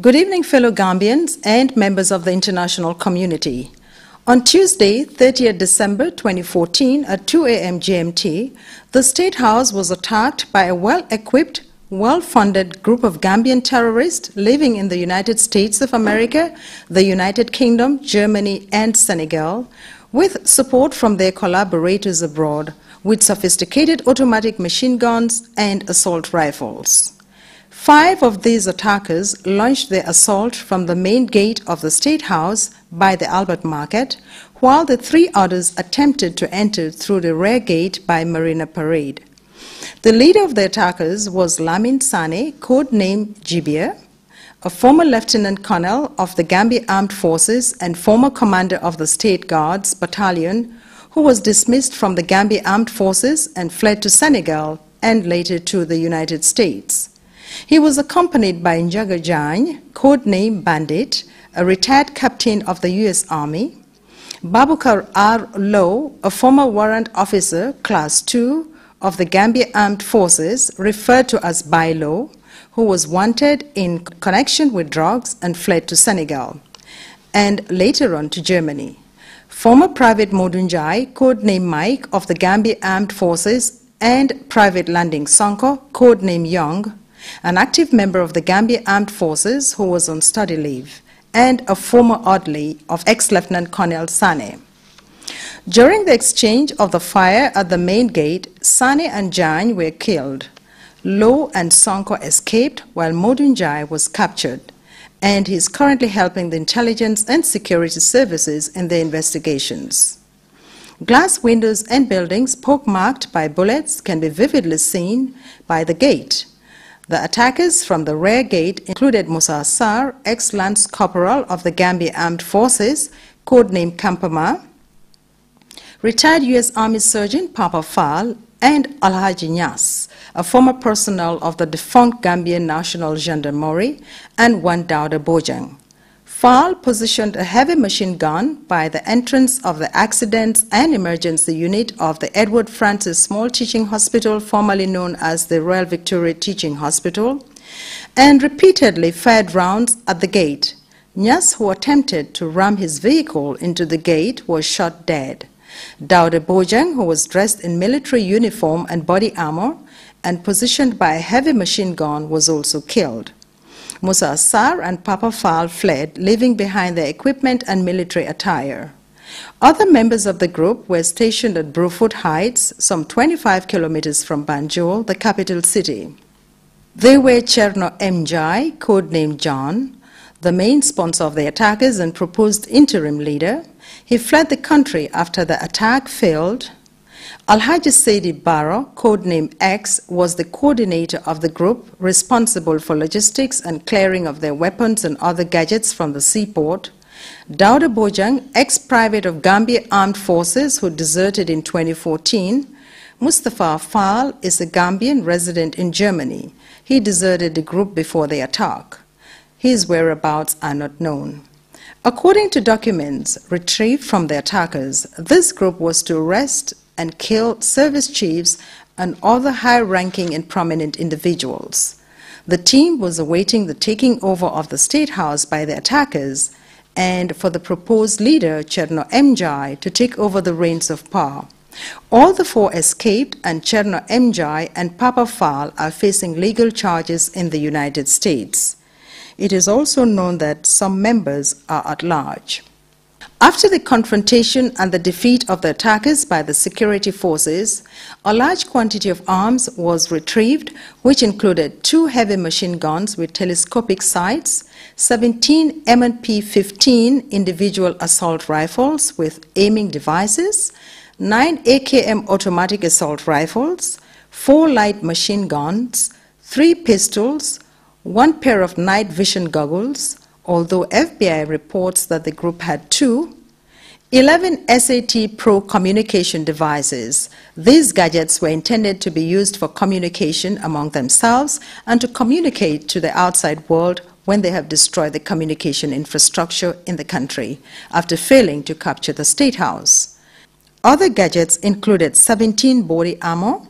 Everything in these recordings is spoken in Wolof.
Good evening, fellow Gambians and members of the international community. On Tuesday, 30 December 2014, at 2 a.m. GMT, the State House was attacked by a well equipped, well funded group of Gambian terrorists living in the United States of America, the United Kingdom, Germany, and Senegal, with support from their collaborators abroad, with sophisticated automatic machine guns and assault rifles. Five of these attackers launched their assault from the main gate of the State House by the Albert Market, while the three others attempted to enter through the rear gate by Marina Parade. The leader of the attackers was Lamin Sane, codenamed Jibier, a former lieutenant colonel of the Gambia Armed Forces and former commander of the State Guards Battalion, who was dismissed from the Gambia Armed Forces and fled to Senegal and later to the United States. He was accompanied by Njaga Jain, codename Bandit, a retired captain of the U.S. Army, Babukar R. Low, a former warrant officer, Class 2, of the Gambia Armed Forces, referred to as Bailo, who was wanted in connection with drugs and fled to Senegal, and later on to Germany. Former Private Modunjai, codename Mike, of the Gambia Armed Forces, and Private Landing Sanko, codename Young, an active member of the Gambia Armed Forces who was on study leave, and a former orderly of ex-Lieutenant Colonel Sane. During the exchange of the fire at the main gate, Sane and Jan were killed. Lo and Sonko escaped while Modunjai was captured, and he is currently helping the intelligence and security services in their investigations. Glass windows and buildings pockmarked by bullets can be vividly seen by the gate, the attackers from the rear gate included Musa Assar, ex-Lance Corporal of the Gambia Armed Forces, codenamed Kampama, retired U.S. Army Surgeon Papa Fal, and Alhaji Nyas, a former personnel of the defunct Gambian National Gendarmerie, and one Dowda Bojang, Fall positioned a heavy machine gun by the entrance of the Accidents and Emergency Unit of the Edward Francis Small Teaching Hospital, formerly known as the Royal Victoria Teaching Hospital, and repeatedly fired rounds at the gate. Nyas, who attempted to ram his vehicle into the gate, was shot dead. Daude Bojang, who was dressed in military uniform and body armor and positioned by a heavy machine gun, was also killed. Musa Assar and Papa Fal fled, leaving behind their equipment and military attire. Other members of the group were stationed at Bruford Heights, some 25 kilometers from Banjul, the capital city. They were Cherno Mjai, codenamed John, the main sponsor of the attackers and proposed interim leader. He fled the country after the attack failed Alhaji Saidi Barrow, codename X, was the coordinator of the group responsible for logistics and clearing of their weapons and other gadgets from the seaport. Dauda Bojang, ex-private of Gambia Armed Forces who deserted in 2014. Mustafa Fall is a Gambian resident in Germany. He deserted the group before the attack. His whereabouts are not known. According to documents retrieved from the attackers, this group was to arrest and killed service chiefs and other high-ranking and prominent individuals. The team was awaiting the taking over of the State House by the attackers and for the proposed leader, Cherno Mjai, to take over the reins of power. All the four escaped, and Cherno Mjai and Papa Fal are facing legal charges in the United States. It is also known that some members are at large. After the confrontation and the defeat of the attackers by the security forces, a large quantity of arms was retrieved, which included two heavy machine guns with telescopic sights, 17 M&P-15 individual assault rifles with aiming devices, nine AKM automatic assault rifles, four light machine guns, three pistols, one pair of night vision goggles, although FBI reports that the group had two, 11 SAT Pro communication devices. These gadgets were intended to be used for communication among themselves and to communicate to the outside world when they have destroyed the communication infrastructure in the country after failing to capture the State House. Other gadgets included 17 body armor,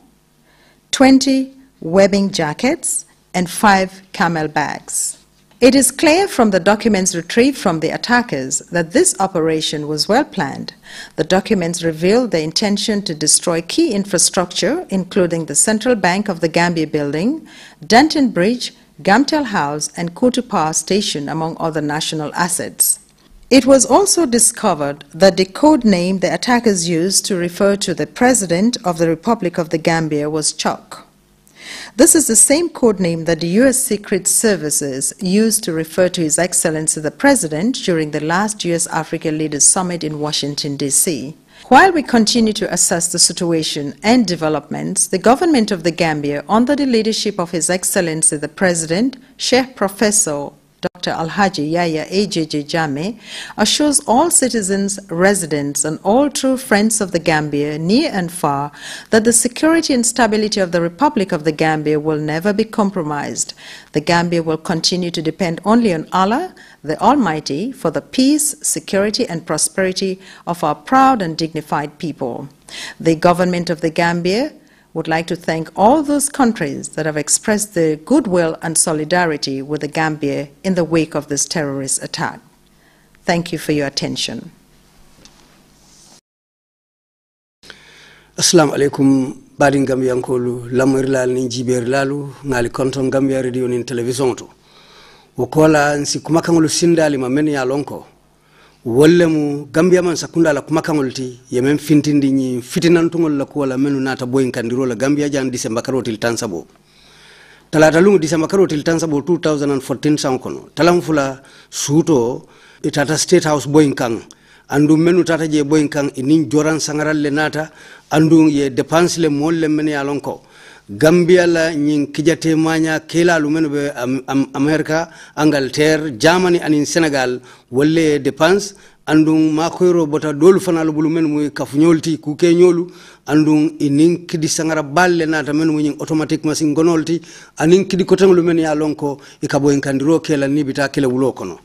20 webbing jackets, and 5 camel bags. It is clear from the documents retrieved from the attackers that this operation was well planned. The documents reveal the intention to destroy key infrastructure, including the Central Bank of the Gambia building, Denton Bridge, Gamtel House, and Kutu Power Station, among other national assets. It was also discovered that the code name the attackers used to refer to the President of the Republic of the Gambia was Chuck. This is the same code name that the U.S. Secret Services used to refer to His Excellency the President during the last U.S. Africa Leaders Summit in Washington, D.C. While we continue to assess the situation and developments, the government of the Gambia, under the leadership of His Excellency the President, Sheikh Professor Dr. Alhaji Yaya AJJ Jame, assures all citizens, residents, and all true friends of the Gambia, near and far, that the security and stability of the Republic of the Gambia will never be compromised. The Gambia will continue to depend only on Allah, the Almighty, for the peace, security, and prosperity of our proud and dignified people. The government of the Gambia would like to thank all those countries that have expressed their goodwill and solidarity with the Gambia in the wake of this terrorist attack. Thank you for your attention. assalamu alaikum, aleykum baɗin gambiyankolu lamoyirlaal nin jiɓeerilaalu nali konton gambia radio nin télévision to wo koola nsi kumakaŋolu sindaalima men ye lon ko wolle mu gambia man sakunda la kumakaŋol ti ye meŋ fintindi ñiŋ fitinantuŋol la kuwo la mennu naata boyiŋ kandiro la gambia jaŋ disemba tili tansabo talata luŋo disemba karoo tansabo 2014 saŋo kono talaŋ fula suuto itata state house boyiŋ kaŋ andu mennu tata je boyiŋ kaŋ iniŋ joraŋ saŋaral le naata andu ye depense le moolu le mennu ye a loŋ ko gambia la ñin kijate maña kelalu men be amerika angleterre germany anin senegal walle dépense andun makoyro bota dolu fanalu bulu men muy ti ku keñolu andun inin kidi sangara balle nata men muñin automatique machine ti anin kidi ye a ya lonko i ka boyin kandiro kela ni bita kele wulo kono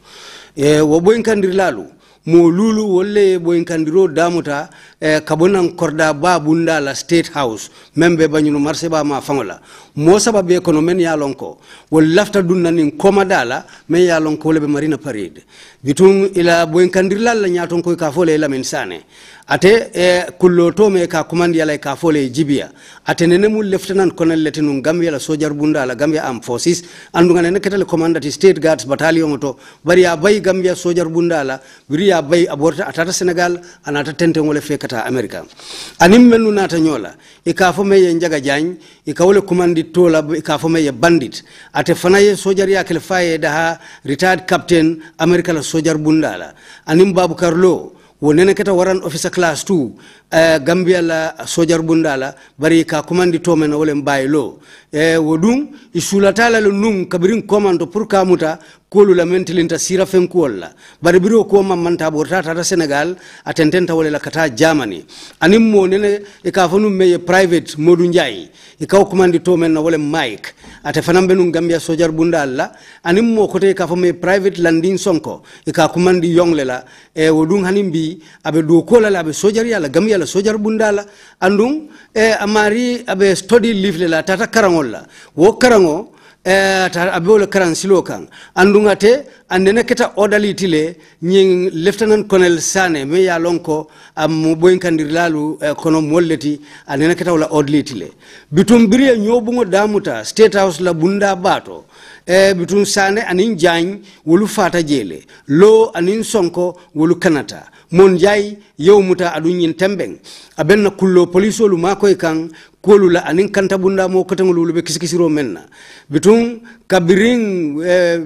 e wo boyin kandirlalu mo lulu wolle boyin kandiro damuta eh, kabonan korda ba bunda la state house men be bañunu ba ma fangola mo sababe kono men ya wol lafta dunna nin koma dala men ya lonko marina parade bitum ila boen kandirla la nyaton ko ka fole la min sane ate eh, kullo to me ka kumandi ala ka fole jibiya ate nene mul lieutenant colonel letinu gambia la sojar bunda la gambia armed forces andu ngane ne ketale commandant state guards battalion to bari bay gambia sojar bunda la biri bay aborta atata senegal anata tente ngole fe kata amerika anin mennu nata ñola i ka fo ye njaga jañ i ka kumandi tola i ka fo ye bandit ate fana ye sojar ya kele faye daha retired captain amerika la sojar bundala anin babukar lo wo nene keta waran officer class 2 uh, eh, gambia la sojar bundala bari ka commandi to men wolen baylo e eh, wo dum i sulatala le num kabirin commando pour kamuta kolu la men tilinta sira fen kuwol la bari biro ko man manta bo tata senegal atententa wala la kata jamani anim mo nene e ka fonu me private modu njay e ka kumandi to men wala mike ate fanam benu gambia sojar bunda la anim mo kote ka me private landin sonko e ka kumandi yongle la e wodun hanim bi abe do kola la abe sojar yala gambia la sojar bunda la andum e amari abe study leave la tata karangol la wo karango Eh, abewole karan silo kan andunga te andene keta odaliti le ñing lieutenant colonel sane me ya lon ko mu boyinkandir lalu eh, kono molleti andene keta wala odaliti le bitum biriye ñobugo damuta state house la bunda bato e bitum sane anin jany wolu fata jele lo anin sonko wolu kanata mon jay yewmuta aɗum yin aben na kullo polisolu ma koye kan kuwolu la anin kanta bunda mo kotaŋol wolu ɓe kisikisiro men na bitum kabirin eh,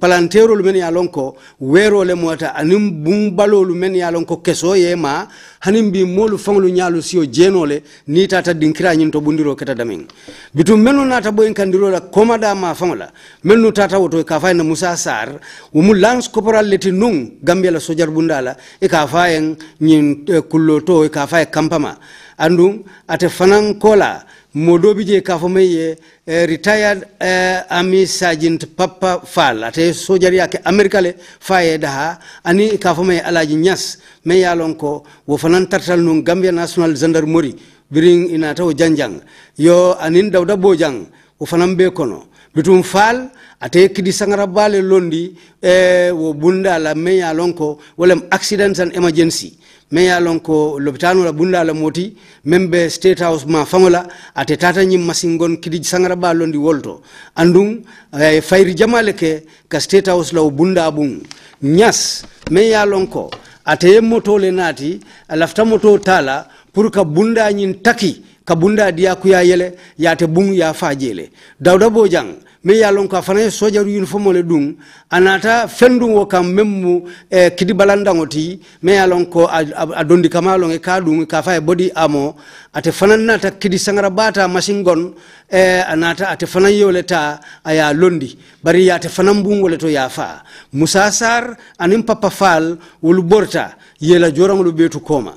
palanterolu men ye lon ko weerole mota anin bumbalolu men ye lon keso yema ma hanin bi moolu fanglu ñalu siyo jenole ni tata din kira ñin to bundiro keta damin bitum menu nata boyin kandiro la komada ma fangla menu tata woto ka fayna musa sar womu lance corporal leti nun gambia la sojar bundala e ka fayen fanan ñin eh, kulloto e ka fa e kampama andum ate fanan kola modo bije ka fama ye eh, retired eh, army sergeant papa fal ate sojari yake america le faye daha ani ka fama ye alaji nyas me yalon ko wo fanan tartal non gambia national gendarmerie biring ina taw janjang yo anin dawda bojang wo fanan be kono bitum fal ate kidi sangara bale londi e wo bunda la meya lonko walam accidents and emergency meya lonko lopitanu la bunda la moti membe state house ma famola ate tata nyim masingon kidi sangara ba londi wolto andum e, eh, fayri jamale ke ka state house la bunda bun nyas meya lonko ate le nati alafta moto tala pour ka bunda nyin taki kabunda diya kuya yele yate bung ya fajele dawda bojang me ya lon ko fana sojaru uniform le dum anata fendu wo kam memmu e eh, kidi balanda ngoti me ya lon ko adondi kamalon e kadum ka fa e body amo ate fana nata kidi sangara bata masingon e eh, anata ate fana yoleta aya londi bari yate fana mbungo wala to ya fa musasar anim papa fal wul borta yela joramu betu koma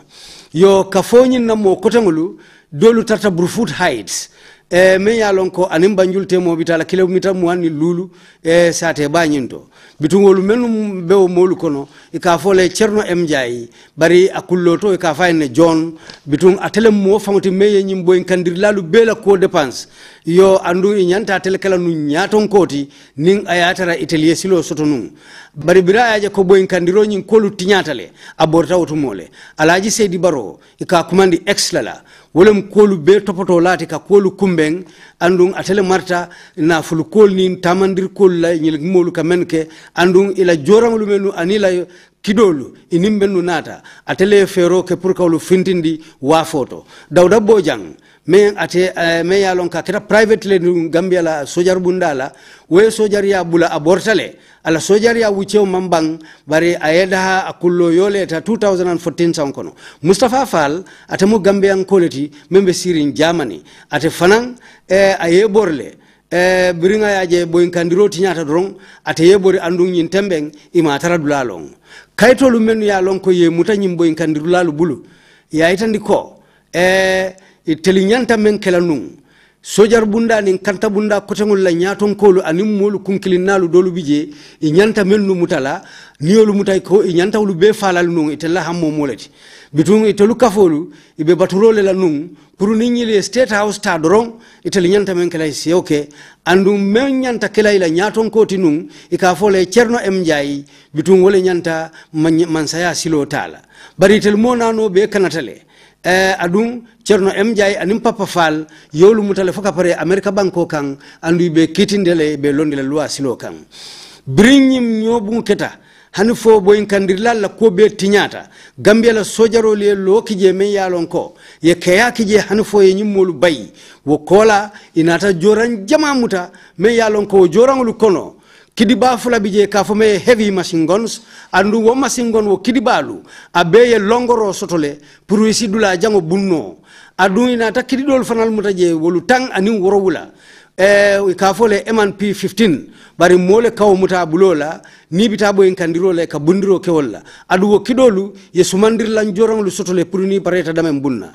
yo kafonyin na mo kotangulu dolu tata Brufut Heights eh, e min ya lon ko anin banjul temoɓe tala kilomita muwanni lulu e sate banyinto bitungolu melnu men bewo molu kono e ka fole cerno m bari a e ka fayne jon bitung atelem mo famati meye nyim boy kandir lalu bela ko dépense yo andu i nyanta tel kala nu nyaton koti nin ayatara yatara silo sotonu bari bira yaje ko boy kandiro nyin kolu tinyatale abortawto mole alaji seydi baro e ka kumandi ex lala wolem kolu bee topoto laati ka kolu kumben anduŋ atele marta ful koolu niŋ tamandir kol la ñiŋ molu ka meŋ ke anduŋ i la jooraŋolu mennu aniŋ la kidolu inimbenu mennu naata atele ye feeroo ke pour kawolu fintindi waafoo to dawda bojang men ate uh, eh, men ya lonka ka keta private le gambia la sojar bunda la we sojar ya bula abortale ala sojar ya wuceo mambang bari ayeda ha akullo yole ta 2014 san kono mustafa fal ate mo gambian quality membe sirin germany ate fanan eh, aye borle e eh, biriŋa ya je boy kandiro ti tiñata doroŋ ate yebori anduŋ ñiŋ tembeŋ ima tara dula loŋ kayitolu mennu ye loŋ ko ye muta ñiŋ boyin kandirulalu bulu ya itandi ko e eh, iteli ñanta men kela nun sojar bunda nin kanta bunda koteŋol la ñatonkolu aniŋ moolu kunkilinnalu dolu bi i ñanta men nu muta niyolu muta ko i ñantawolu be falalu nuŋ itelu hammo mo le itelu kafolu i be la nuŋ pour niŋ ñili state house ta doroŋ itelu ñanta men kela siyo ke anduŋ meŋ ñanta kela la ñatonko ti nuŋ i ka fo cerno em jayi bituŋ wo le ñanta mansaya silo ta bari itelu mo nano be kanata Eh, aɗum ceerno m diaye anin papa fall yewlumutale fof foka pare america banko kan andu ɓe ketindele ɓe londila loi silo kan biriñim ñoɓum keta hani fo boyin kandirla la ko be tiñata gambia la sojaroli ye looki je men yalon ko ye keyaki je hani fo ye ñimmolu bayi wo kola inata joran jama muta men yalon ko wo joranŋolu kono kidiba fulaɓije ka fo me heavy machine guns andu wo machine gun wo kidibalu abeye longoro sotole pour isi dula jango bunno adu ina inata kidiɗol fanal mutaje wolu tang ani woro wula e ka fo le mnp 15 bari mole kaw muta bulola ni bita nibita kandiro le ka bundiro kewolla adu wo kiɗolu ye jorang lu sotole pour ni pareta damen bunna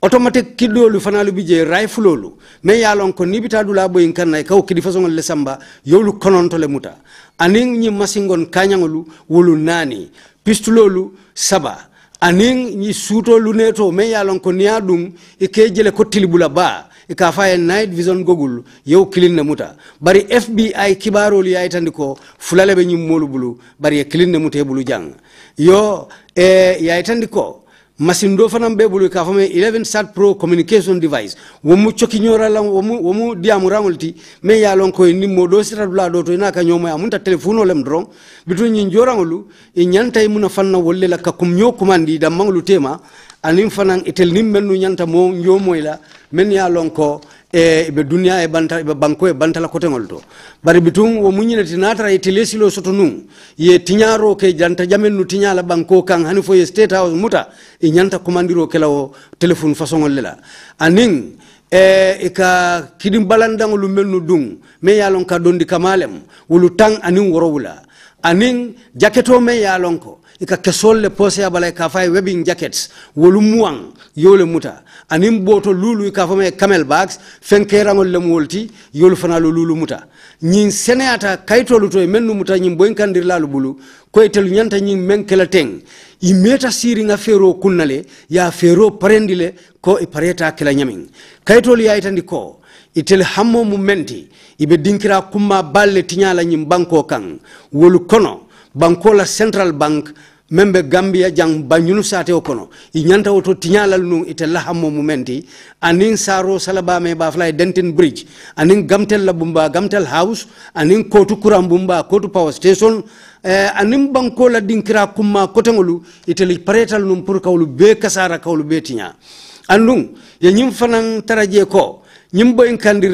automatique kidolu fanalu bije rifle mais ya lon ko nibita dula kan nay kaw kidi façon le samba yowlu kononto le muta aning ni masingon kanyangolu wolu nani pistol pistulolu saba aning ni suto lu neto mais ya lon ko niya dum e ke jele ko tilibula ba e ka faye night vision gogul yow ne muta bari fbi kibarol yaytandi ko fulale be ñim molu bulu bari e kilinne mute bulu jang yo e eh, yaytandi ko machine do fanam be bulu ka fami 11 sat pro communication device wo mu choki nyora la wo mu wo mu diamu rangolti me ya lon ko ni mo do sita dula do to ina ka nyoma amun ta telefono lem dron bitu nyi njorangolu e nyanta e muna fanna wolle la ka kum nyoku mandi da manglu tema anin fanan etel nim mennu nyanta mo nyomoy la men ya lon ko e be duniya e banta ɓe banko e la kote to bari bi wo munyina tinatra e télé silo soto nun ye tinyaro ke janta jamen nu tinyala banko kan hani fo ye state house muta e ñanta komandiro ke o telephone fa le la anin e, e ka kidim balandaŋolu men nu duŋ me ye ka dondi kamalem wolu taŋ aniŋ worowula aniŋ jaketo me ye ko ika kesol le pose ya balay ka fay webbing jackets wolu muwang yole muta anim boto lulu ika fama camel bags fenkeraŋol le wolti yolu fana lulu muta ñin seneata kaytolu to mennu muta ñin boynkandir lalu bulu koytelu ñanta ñin men kela i meta siriŋa fero kunna le ya fero parendi le ko i pareta kela ñamiŋ kaytolu yayitandi ko itel hammo mu menti ibe dinkira kumma balle tiñala ñin banko kaŋ wolu kono bankola central bank membe gambia jang banyunu sate o kono i nyanta woto tiñalal nu ite lahammo mumenti anin saro salabame bafla e dentin bridge aniŋ gamtel la bumba gamtel house aniŋ kotu kuran bumba kotu power station eh, anin banko la dinkira kumma koteŋolu itelu paretal nuŋ pour kawolu bee kasara kawlu be tiña andun ye ñim fanan taraje ko ñiŋ boyin kandir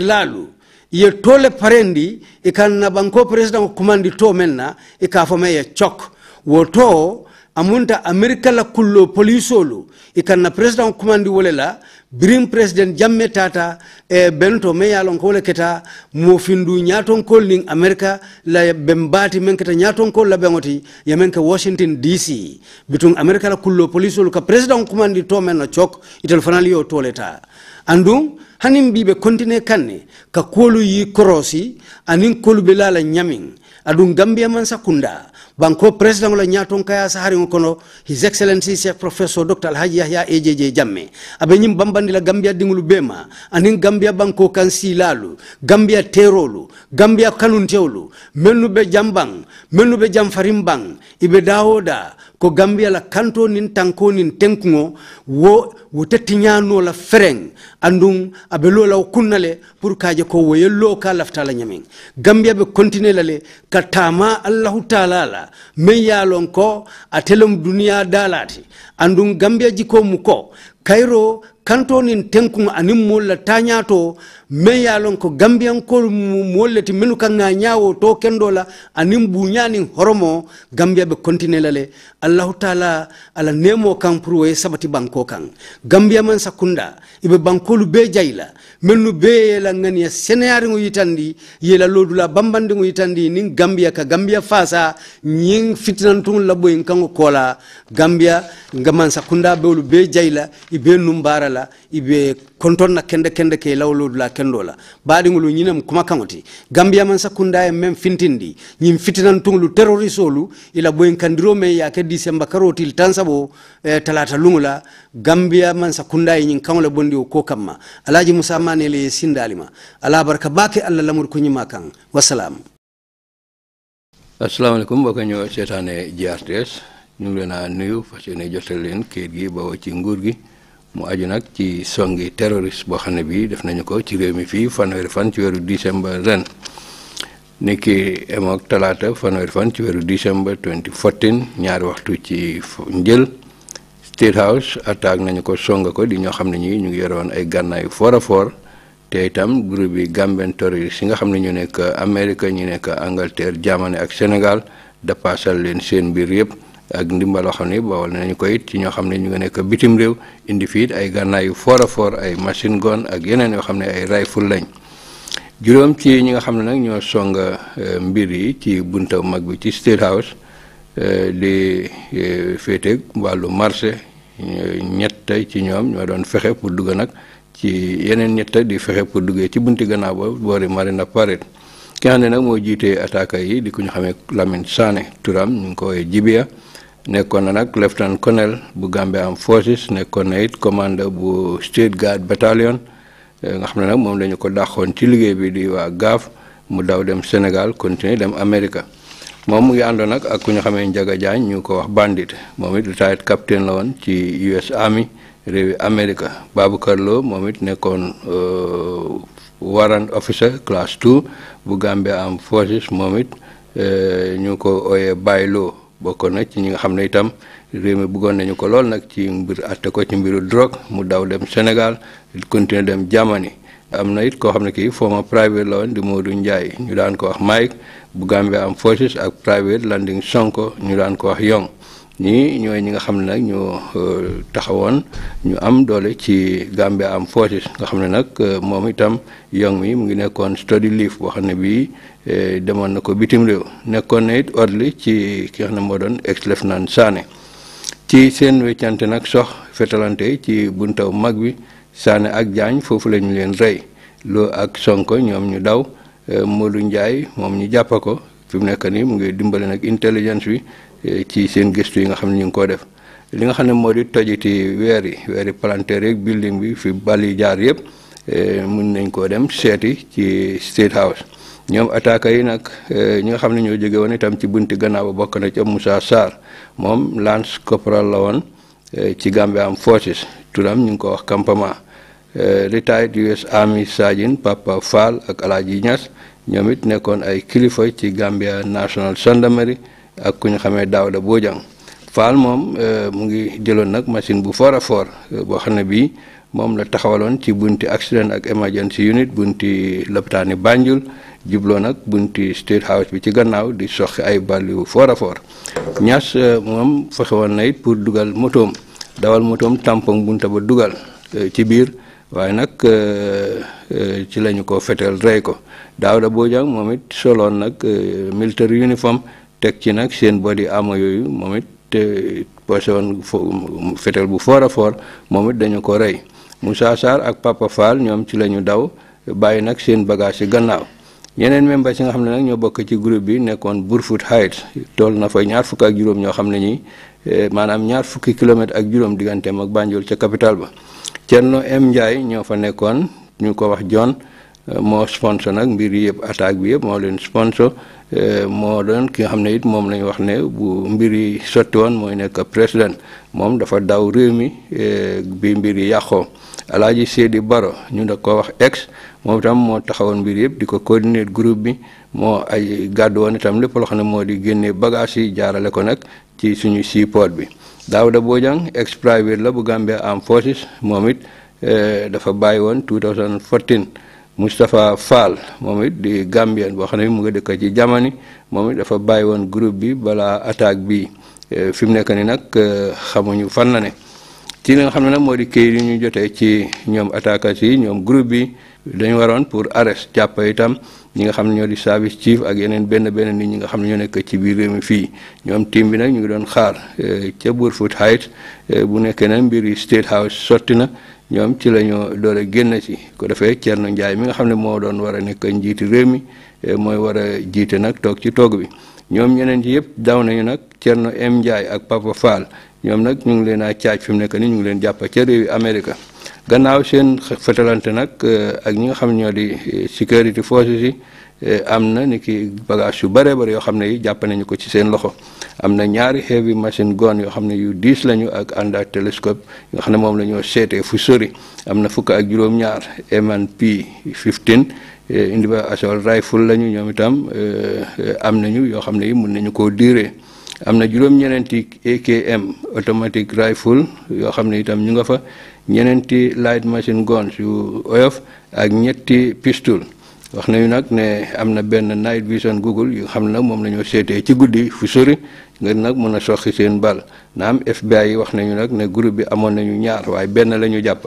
ye tole parendi ikanna banko president kumandi to menna ika fome ye chok woto amunta america la kullo polisolu ikanna president kumandi wolela brim president jamme tata e bento me yalon ko keta mo findu nyaton kol ning america la bembati men keta nyaton kol la bengoti yemen ka washington dc bitun america la kullo polisolu ka president kumandi to menna chok itel fanali yo toleta andu hanin biɓe continue kanne ka kuwolu yi korosi anin kolubela la ñamin aɗum gambiya man sakkunda banko président la ñaton kaya sahariŋo kono his excellency chef professeur docteur alhaji yahya ejeje jamme aɓe ñim bambandila gambiya diŋolu bema anin gambiya banko kan silalu gambiya terolu gambiya kanuntewolu mennu be jam mennu be jam farin baŋ iɓe dawoda ko gambia la kanto nin tanko nin tenkuŋo wo wo tettiñano la fereŋ andum abe lo la wo kunna le pour kaje ko wo ye lo ka lafita la ñameŋ gambia be kontine la le ka taama allahu taala la meŋ ye a lon ko atelem duniya dalaati andum gambia jiko mu ko kayro kantonin tenkun anin molla tañato men yalon ko gambiyankol molleti menu kanga ñawo to kendola anin buñanin horomo gambiya ɓe continue lale allahu taala ala nemo kan pour woye sabati banko kan gambiya man sakunda iɓe bankolu be jayla melnu be yela ngani ya senayari ngu yitandi yela la bambandi ngu yitandi nin gambia ka gambia fasa nyin fitinantun labo yin kola gambia ngaman sakunda beulu be jayla ibe numbara la ibe konton na kende kende ke law lodula kendo la baadi ngulu nyinam kuma gambia man sakunda e mem fintindi nyin fitinantun lu terrorisolu ila boyen kandiro me ya ke disemba karoti tansabo eh, talata lungula gambia man sakunda yin kango la bondi ko alaji musa manele sindalima ala barka baki alla lamur kunyima kan wasalam assalamu alaikum bakanyo setane jartes ñu leena nuyu fasiyene jotal len keet gi bawo ci nguur gi mu aju nak ci songi terroriste bo xamne bi def nañu ko ci rewmi fi fanweer fan ci wéru december ren niki emok talata fanweer fan ci wéru december 2014 ñaar waxtu ci ndjel state house attaque nañu ko songa ko di ñoo xam ñi ñu ngi yoroon ay gannaay fora fora te itam groupe yi Gambian terrorist yi nga xam ne ñu nekk Amérique ñu nekk Angleterre Germany ak Sénégal dapaasal leen seen mbir yëpp ak ndimbaloo xam ne bawal nañu ko it ci ñoo xam ne ñu ngi nekk bitim réew indi fii ay gànnaay yu foor foor ay machine gun ak yeneen yoo xam ne ay rifle lañ juróom ci ñi nga xam ne nag ñoo song euh, mbir yi ci bunta mag bi ci State House euh, di euh, féete wàllu marché ñett ci ñoom ñoo doon fexe pour dugg nag. ci yeneen ñett di fexe pour duggee ci bunti gannaaw ba boori Marina Parade ki xam ne nag moo jiitee attaques yi di ku ñu xamee lamin Sané turam ñu ngi ko woowee Jibia nekkoon na nag lieutenant colonel bu Gambia Armed Forces nekkoon na it commandeur bu State Guard Battalion eh, nga xam ne nag moom lañu ko dàqoon ci liggéey bi di waa Gaaf mu daw dem Sénégal continuer dem Amérique moom mu ngi àndoon nag ak ku ñu xamee Njaga Jaañ ñu ko wax bandit moom it retired capitaine la woon ci US Army. réewi Amérique Babacar Lo moom it nekkoon euh, warrant officer classe two bu Gambia am forces moom it euh, ñu ko ooyee Baye Lo bokkoon na ci ñi nga xam ne itam réew mi bëggoon nañu ko lool nag ci mbir atte ko ci mbiru drogue mu daw dem Sénégal continuer dem Germany am na it koo xam ne kii former private la di di du Ndiaye ñu daan ko wax Mike bu gambee am forces ak private landing Sonko ñu daan ko wax Yong ñii ñooy ñi nga xam ne nag ñoo euh, taxawoon ñu am doole ci Gambia am forces nga xam ne nag euh, moom itam yong mi mu ngi nekkoon study leave boo xam bi, bii euh, demoon na ko bitim réew nekkoon na it orli ci ki nga xam ne moo doon ex lieutenant Sané ci seen weccante nag sox fetalante ci buntaw mag bi Sané ak Jaañ foofu la ñu leen rey loo ak Sonko ñoom ñu daw Modou Ndiaye moom ñu jàppa ko fi mu nekk nii mu ngi dimbale nag intelligence bi ci seen gëstu yi nga xam ne ñu ngi ko def li nga xam ne moo di tojiti weer yi palanteer yeeg building bi fi bal jaar yëpp eh, mun nañ koo dem seeti ci State House ñoom attaques yi nag eh, ñi nga xam ne ñoo jege woon itam ci bunti gannaaw ba bokk na ca Moussa Sarr moom lance corporal la woon eh, ci Gambia am forces turam ñu ngi ko wax campement retired US Army Sergeant Papa Fall ak Alaaji Ñas ñoom it nekkoon ay kilifa ci Gambia National Gendarmerie ak ku ñu xamee Daouda Bojang Fall moom euh, mu ngi jëloon nag machine bu fort a euh, boo xam ne bii moom la taxawaloon ci bunti accident ak emergency unit bunti lopitaani bànjul jubloo nag bunti state house bi ci gannaaw di soxi ay bal yu fort a Ñas euh, moom fexe woon na it pour dugal motoom dawal motoom tampon bunta ba dugal ci biir waaye nag ci lañu ko fetal rey ko Daouda Bojang moom it soloon nag military uniform tek ci nak seen body armor yooyu moom it posé woon fetel bu fora for momit dañu ko rey Moussa sar ak Papa Fall ñom ci lañu daw bayyi nak seen bagage ci gannaaw yeneen ba ci nga xamne nak ño ci groupe bi nekkon Burfoot Heights tol na fa ñaar fuk ak juroom ño xamne ni eh, manam ñaar fukki kilomètre ak juroom digantem ak Banjul ci capital ba Thierno M Ndiaye ño fa nekkon ñu ko wax John moo sponsor nag mbir yëpp attaque bi yëpp moo leen sponsor eh, moo doon ki nga xam ne it moom lañu wax ne bu mbir yi sotti woon mooy nekk président moom dafa daw réew mi eh, bi mbir yi yàqoo alaaji Seedi Baro ñu da ko wax ex moom itam moo taxawoon mbir yëpp di ko coordonner group bi moo ay gàddu woon itam lépp loo xam ne moo di génnee bagage yi jaarale ko nag ci suñu seaport bi boo Bojang ex private la bu Gambia Armed Forces moom it eh, dafa bàyyi woon 2014 Moustapha Fall moom it di Gambien boo xam ne mu nga dëkk ci Jamani moom it dafa bàyyi woon group bi balaa attaque bi e, fi mu nekk ni nag e, xamuñu fan la ne ci li xam ne nag moo di këyit yu ñu jotee ci ñoom attaquant yi ñoom groupe bi dañu waroon pour arrest jàpp itam ñi nga xam ne ñoo di service chief ak yeneen benn benn nit ñi nga xam ne ñoo nekk ci biir réew mi fii ñoom team bi nag ñu ngi doon xaar e, ca Brufut Heights bu nekkee nag mbir yi State House sotti na. ñoom ci la ñu door a génn ci ko defee Thierno Ndiaye mi nga xam ne moo doon war a nekk njiiti réew mi e, mooy war a jiite nag toog ci toog bi ñoom ñeneen ci yëpp daw nañu nag Thierno M Ndiaye ak Papa Fall ñoom nag ñu ngi leen a caaj fi mu nekk nii ñu ngi leen jàppa ca réewi Amérique gannaaw seen fetalante nag e, ak ñi nga xam ñoo di e, security forces yi Eh, amna niki ni ki bagage yu bare bare yo xamne yi japp nañu ko ci seen loxo amna ñaari heavy machine gun yo xamne yu diis lañu ak anda telescope yo xamne mom lañu sété fu sori amna fuk ak juroom ñaar MNP 15 eh, indi ba assault rifle lañu ñom itam nyu eh, nañu yoo xam yi mën nañu ko diré amna juroom ñenenti AKM automatic rifle yo xamne itam ñu nga fa ñenenti light machine guns yu oyof ak ñetti pistol wax nañu nag ne am na benn night vision google yu xam nag moom la ñoo seetee ci guddi fu sori ngir nag mën a soxi seen bal naam FBI yi wax nañu nag ne groupe bi amoon nañu ñaar waaye benn la ñu jàpp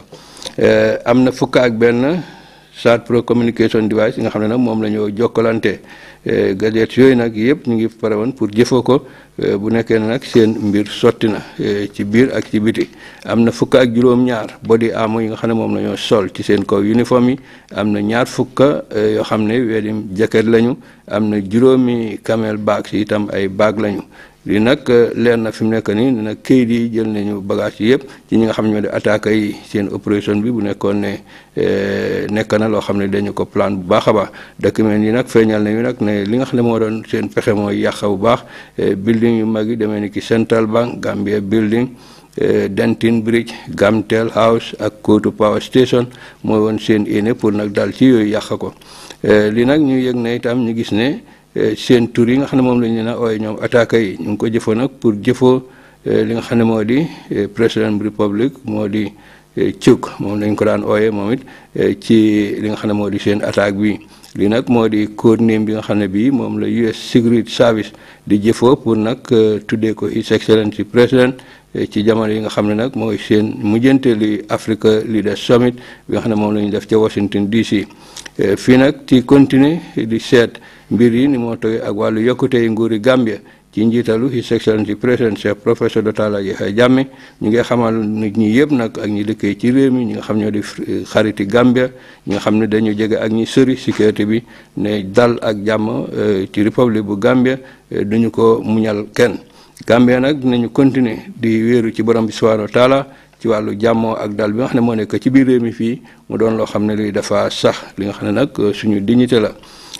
eh, am na fukk ak benn SAT Pro communication device yi nga xam ne nag moom la ñoo jokkalante E, gadget yooyu nag yëpp ñu ngi pare woon pour jëfoo ko e, bu nekkee nag seen mbir sotti na e, ci biir ak ci biti am na fukk ak juróom-ñaar di armor yi nga xam ne moom la sol ci seen kaw uniforme yi am na ñaar fukk yoo xam ne wedim jacket lañu am na juróomi camel bags yi itam ay bag lañu. lii nag euh, leer na fi mu nekk nii nag kayit yi jël nañu bagage yi yëpp ci ñi nga xam ñoo di attaques yi seen opération bi bu nekkoon ne euh, nekk na loo xam ne dañu ko plan bu baax a baax document yi nag feeñal ne nag ne li nga xam ne moo doon seen pexe mooy yàq bu baax euh, building yu mag yi demee ni ki Central Bank Gambia building dentin Bridge Gamtel House ak Kotu Power Station mooy woon seen yéene pour nag daal ci yooyu yàq ko li nag ñu yëg itam ñu gis ne Eh, seen tur yi nga xam ne moom lañ leen a ooye ñoom attaques yi ñu ngi ko jëfoo nag pour jëfoo eh, li nga xam ne moo di eh, président république moo di cuk moom lañ ko daan ooye moom it ci li nga xam ne moo di seen attaque bi lii nag moo di code name bi nga xam ne bii moom la US Secret Service di jëfoo pour nag tuddee ko His Excellency President ci jamono yi nga xam ne nag mooy seen mujjanteelu Africa Leaders Summit bi nga xam ne moom la ñu def ca Washington DC e, fii nag ci continuer di seet mbir yi ni moo toy ak wàllu yokkute yi nguuri Gambia ci njiitalu His Excellency President Sir Professor Dr. Alhaji Yahya Jammeh ñu ngi xamal nit ñi yëpp nag ak ñi dëkkee ci réew mi ñi nga xam ñoo di xariti Gambia ñi nga xam ne dañu jege ak ñi sori sécurité bi ne dal ak jàmm e, ci république bu Gambia e, duñu ko muñal kenn Gambia nag nañu continuer di wéeru ci borom bi subhanahu wa taala ci wàllu jàmmoo ak dal bi nga xam ne moo nekk ci biir réew mi fii mu doon loo xam ne luy dafa sax li nga xam ne nag suñu dignité la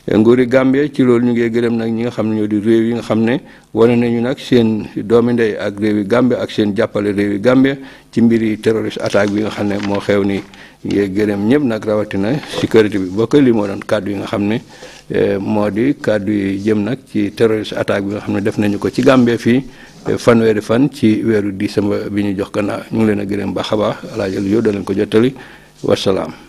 yi Gambie ci loolu ñu ngi gërëm nag ñi nga xam ne ñoo di réew yi nga xam ne wane nañu nag seen doomi ndey ak réewi Gambie ak seen jàppale réewi Gambie ci mbiri terroriste attaque bi nga xam ne moo xew ni gërëm ñëpp nag rawatina sécurité bi bokk li moo doon kàddu yi nga xam ne eh, moo di kaddu yi jëm nag ci terroriste attaque bi nga xam ne def nañu ko ci Gambie fii eh, fanweeri fan ci weeru décembre bi ñu jox gannaaw ñu ngi leen a gërëm baax a baax alaajal yow da ko jottali wasalaam